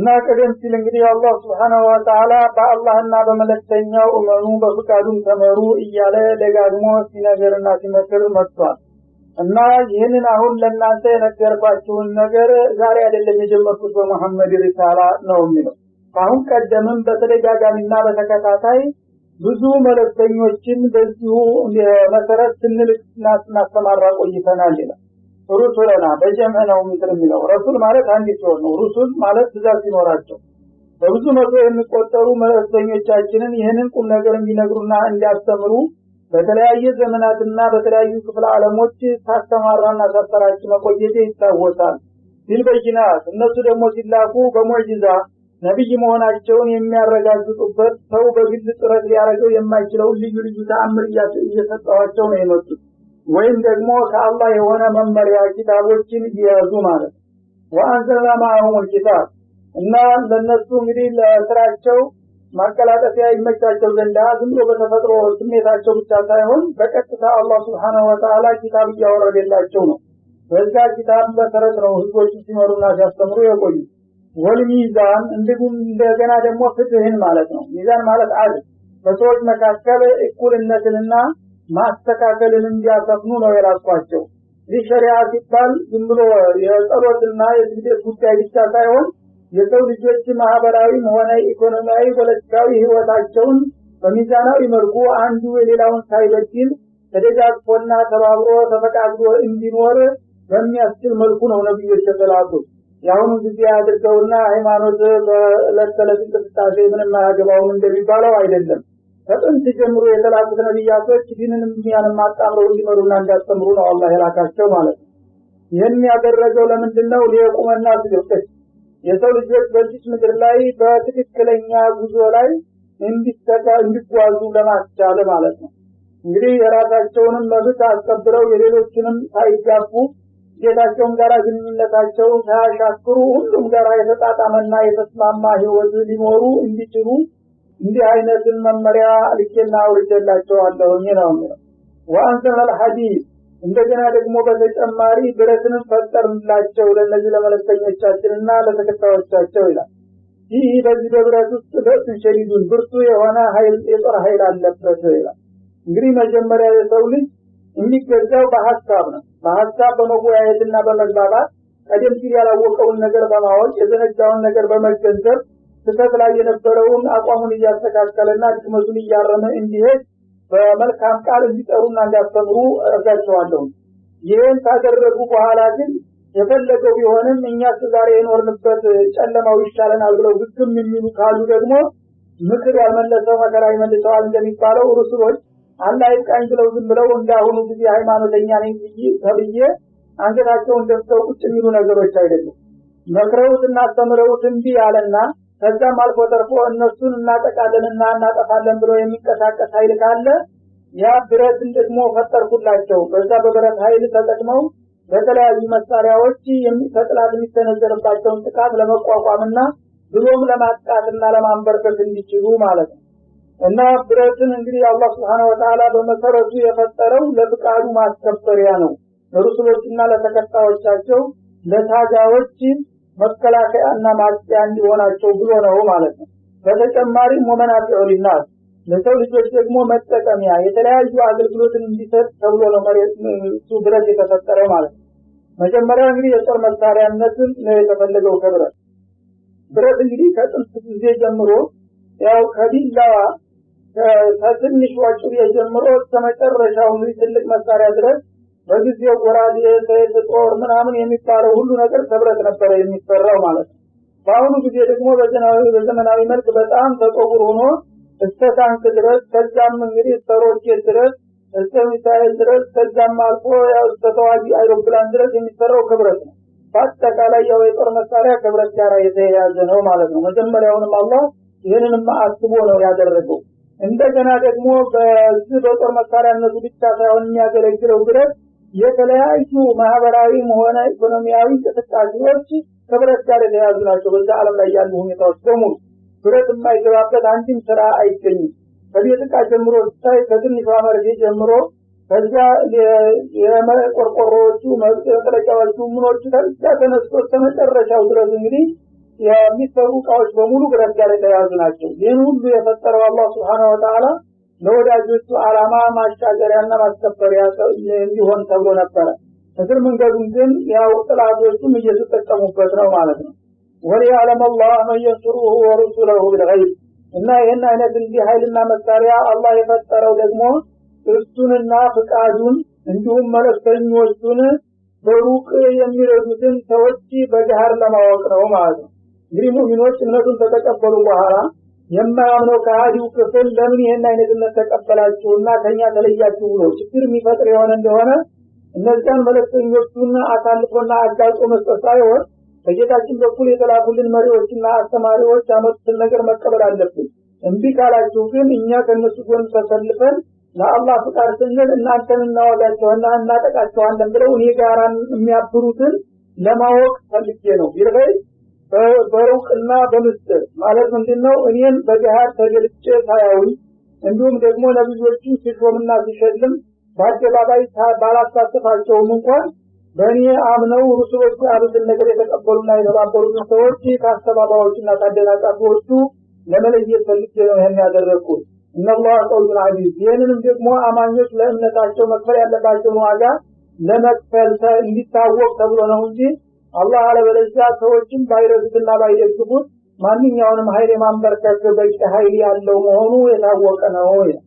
እና ቀደም ሲል እንግዲህ አላህ ስብሓናሁ ወተዓላ በአላህና በመለክተኛው እመኑ በፍቃዱም ተመሩ እያለ ደጋግሞ ሲነገርና ሲመክር መጥቷል። እና ይህንን አሁን ለእናንተ የነገርኳችሁን ነገር ዛሬ አይደለም የጀመርኩት በመሐመድ ሪሳላ ነው የሚለው። ከአሁን ቀደምም በተደጋጋሚና በተከታታይ ብዙ መልእክተኞችን በዚሁ መሰረት ስንልክና ስናስተማራ ቆይተናል ይላል። ሩሱለና በጀምዕ ነው እንትን የሚለው ረሱል ማለት አንድ ሲሆን ነው። ሩሱል ማለት ብዛት ሲኖራቸው በብዙ መቶ የሚቆጠሩ መልእክተኞቻችንን ይህንን ቁም ነገር እንዲነግሩና እንዲያስተምሩ በተለያየ ዘመናትና በተለያዩ ክፍለ ዓለሞች ታስተማራና ሳሰራጭ መቆየቴ ይታወሳል። ቢልበይናት እነሱ ደግሞ ሲላኩ በሙዕጂዛ ነቢይ መሆናቸውን የሚያረጋግጡበት ሰው በግል ጥረት ሊያደርገው የማይችለውን ልዩ ልዩ ተአምር እየሰጠኋቸው ነው የመጡት። ወይም ደግሞ ከአላህ የሆነ መመሪያ ኪታቦችን እየያዙ ማለት ወአንዘላ ማአሁሙል ኪታብ እና ለነሱ እንግዲህ ለስራቸው ማቀላጠፊያ ይመቻቸው ዘንዳ ዝም ብሎ በተፈጥሮ ስሜታቸው ብቻ ሳይሆን በቀጥታ አላህ ስብሓነሁ ወተዓላ ኪታብ እያወረደላቸው ነው። በዛ ኪታብ መሰረት ነው ህዝቦች ሲመሩና ሲያስተምሩ የቆዩ። ወልሚዛን ሚዛን እንዲሁም እንደገና ደግሞ ፍትህን ማለት ነው። ሚዛን ማለት አድ በሰዎች መካከል እኩልነትንና ማስተካከልን እንዲያሰፍኑ ነው የላኳቸው። ይህ ሸሪያ ሲባል ዝም ብሎ የጸሎትና የስግደት ጉዳይ ብቻ ሳይሆን የሰው ልጆች ማህበራዊም ሆነ ኢኮኖሚያዊ፣ ፖለቲካዊ ህይወታቸውን በሚዛናዊ መልኩ አንዱ የሌላውን ሳይበድል ተደጋግፎና ተባብሮ ተፈቃግዶ እንዲኖር በሚያስችል መልኩ ነው ነቢዮች የተላኩት። የአሁኑ ጊዜ አድርገውና ሃይማኖት ለተለት እንቅስቃሴ ምንም አያገባውም እንደሚባለው አይደለም። ከጥንት ጀምሮ የተላኩት ነቢያቶች ዲንንም ዱንያንም አጣምረው እንዲመሩና እንዲያስተምሩ ነው አላህ የላካቸው ማለት ነው። ይህም ያደረገው ለምንድን ነው? ሊየቁመና ስግብቅስ የሰው ልጆች በዚች ምድር ላይ በትክክለኛ ጉዞ ላይ እንዲጓዙ ለማስቻለ ማለት ነው። እንግዲህ የራሳቸውንም መብት አስከብረው የሌሎችንም ሳይጋፉ ጌታቸውን ጋር ግንኙነታቸውን ሳያሻክሩ ሁሉም ጋር የተጣጣመና የተስማማ ህይወት ሊኖሩ እንዲችሉ እንዲህ አይነትን መመሪያ ልኬና አለሁኝ ነው የሚለው። ወአንዘለ ልሐዲድ እንደገና ደግሞ በተጨማሪ ብረትንም ፈጠርንላቸው ለእነዚህ ለመለክተኞቻችንና ለተከታዮቻቸው ይላል። ይህ በዚህ በብረት ውስጥ በእሱን ሸሪዱን ብርቱ የሆነ የጦር ኃይል አለበት ይላል። እንግዲህ መጀመሪያ የሰው ልጅ የሚገዛው በሀሳብ ነው። በሀሳብ በመወያየትና በመግባባት ቀደም ሲል ያላወቀውን ነገር በማወቅ የዘነጋውን ነገር በመገንዘብ ስህተት ላይ የነበረውን አቋሙን እያስተካከለና ድክመቱን እያረመ እንዲሄድ በመልካም ቃል እንዲጠሩና እንዲያስተምሩ እርጋቸዋለሁ ይህን ካደረጉ በኋላ ግን የፈለገው ቢሆንም እኛ ዛሬ የኖርንበት ጨለማው ይሻለናል ብለው ግግም የሚሉ ካሉ ደግሞ ምክር ያልመለሰው መከራ ይመልሰዋል እንደሚባለው ሩስሎች አላህ ይብቃኝ ብለው ዝም ብለው እንዳሁኑ ጊዜ ሃይማኖተኛ ነኝ ተብዬ አንገታቸውን ደፍተው ቁጭ የሚሉ ነገሮች አይደለም መክረውት እና አስተምረውት እምቢ ከዛም አልፎ ተርፎ እነሱን እናጠቃለንና እናጠፋለን ብሎ የሚንቀሳቀስ ኃይል ካለ ያ ብረትን ደግሞ ፈጠርኩላቸው። በዛ በብረት ኃይል ተጠቅመው በተለያዩ መሳሪያዎች ተጥላት የሚሰነዘርባቸውን ጥቃት ለመቋቋምና ብሎም ለማጥቃትና ለማንበርከት እንዲችሉ ማለት ነው። እና ብረትን እንግዲህ አላህ ስብሓነ ወተላ በመሰረቱ የፈጠረው ለፍቃዱ ማስከበሪያ ነው። ለሩሱሎችና ለተከታዮቻቸው ለታጋዎችን መከላከያና ማጽያ እንዲሆናቸው ብሎ ነው ማለት ነው። በተጨማሪም ወመናፊዑ ሊናስ ለሰው ልጆች ደግሞ መጠቀሚያ የተለያዩ አገልግሎትን እንዲሰጥ ተብሎ ነው መሬቱ ብረት የተፈጠረው ማለት ነው። መጀመሪያ እንግዲህ የጦር መሳሪያነትን ነው የተፈለገው ከብረት። ብረት እንግዲህ ከጥንት ጊዜ ጀምሮ ያው ከቢላዋ ከትንሿ ጩቤ ጀምሮ እስከ መጨረሻው እንግዲህ ትልቅ መሳሪያ ድረስ በጊዜው ጎራዴ፣ ሰይፍ፣ ጦር ምናምን የሚባለው ሁሉ ነገር ከብረት ነበረ የሚሰራው ማለት ነው። በአሁኑ ጊዜ ደግሞ በዘመናዊ መልክ በጣም ተጦጉር ሆኖ እስከ ታንክ ድረስ ከዛም እንግዲህ እስከ ሮኬት ድረስ እስከ ሚሳኤል ድረስ ከዛም አልፎ ያው እስከ ተዋጊ አይሮፕላን ድረስ የሚሰራው ክብረት ነው። በአጠቃላይ ያው የጦር መሳሪያ ክብረት ጋር የተያያዘ ነው ማለት ነው። መጀመሪያውንም አላህ ይህንንም አስቦ ነው ያደረገው። እንደገና ደግሞ በዚህ በጦር መሳሪያነቱ ብቻ ሳይሆን የሚያገለግለው ድረስ የተለያዩ ማህበራዊም ሆነ ኢኮኖሚያዊ እንቅስቃሴዎች ህብረት ጋር የተያዙ ናቸው። በዛ ዓለም ላይ ያሉ ሁኔታዎች በሙሉ ህብረት የማይገባበት አንድም ስራ አይገኝም። ከቤት ዕቃ ጀምሮ ስታይ ከትንሿ መርፌ ጀምሮ ከዚያ የቆርቆሮዎቹ መጥረቂያዎቹ፣ ምኖቹ ከዚያ ተነስቶ እስከመጨረሻው ድረስ እንግዲህ የሚሰሩ እቃዎች በሙሉ ብረት ጋር የተያዙ ናቸው። ይህን ሁሉ የፈጠረው አላህ ስብሓነ ወተላ ለወዳጆቹ አላማ ማሻገሪያና ማስከበሪያ እንዲሆን ተብሎ ነበረ። እግር መንገዱን ግን ያው ጥላቶቹም እየተጠቀሙበት ነው ማለት ነው። ወሊያለም አላህ መንየንሱሩሁ ወሩሱለሁ ቢልገይብ እና ይህን አይነት እንዲህ ኃይልና መሳሪያ አላህ የፈጠረው ደግሞ እሱንና ፍቃዱን እንዲሁም መለክተኞቹን በሩቅ የሚረዱትን ሰዎች በገሃር ለማወቅ ነው ማለት ነው። እንግዲህ ሙእሚኖች እምነቱን ከተቀበሉ በኋላ የማያምነው ከሀዲው ክፍል ለምን ይህን አይነትነት ተቀበላችሁና ከኛ ተለያችሁ ብሎ ችግር የሚፈጥር የሆነ እንደሆነ እነዚያን መለክተኞቹና አሳልፎና አጋልጦ መስጠት ሳይሆን በጌታችን በኩል የተላኩልን መሪዎችና አስተማሪዎች ያመጡትን ነገር መቀበል አለብን። እንቢ ካላችሁ ግን እኛ ከእነሱ ጎን ተሰልፈን ለአላህ ፍቃድ ስንል እናንተን እናወጋቸውና እናጠቃቸዋለን ብለው እኔ ጋራን የሚያብሩትን ለማወቅ ፈልጌ ነው ቢርበይ በሩቅና በምስጥር ማለት ምንድን ነው? እኔም በገሃድ ተገልጬ ሳያውኝ እንዲሁም ደግሞ ለብዙዎቹ ሲሾምና ሲሸልም በአደባባይ ባላሳተፋቸውም እንኳን በእኔ አምነው ሩስሎቹ ያሉትን ነገር የተቀበሉና የተባበሩትን ሰዎች ከአስተባባዮችና ከአደናቃፊዎቹ ለመለየት ፈልጌ ነው ይህን ያደረግኩት። እነላህ ቀውዩን አዚዝ። ይህንንም ደግሞ አማኞች ለእምነታቸው መክፈል ያለባቸውን ዋጋ ለመክፈል እንዲታወቅ ተብሎ ነው እንጂ አላህ አለበለዚያ ሰዎችም ባይረዱትና ባይደግፉት ማንኛውንም ኃይል የማንበርከክ በቂ ኃይል ያለው መሆኑ የታወቀ ነው ይላል።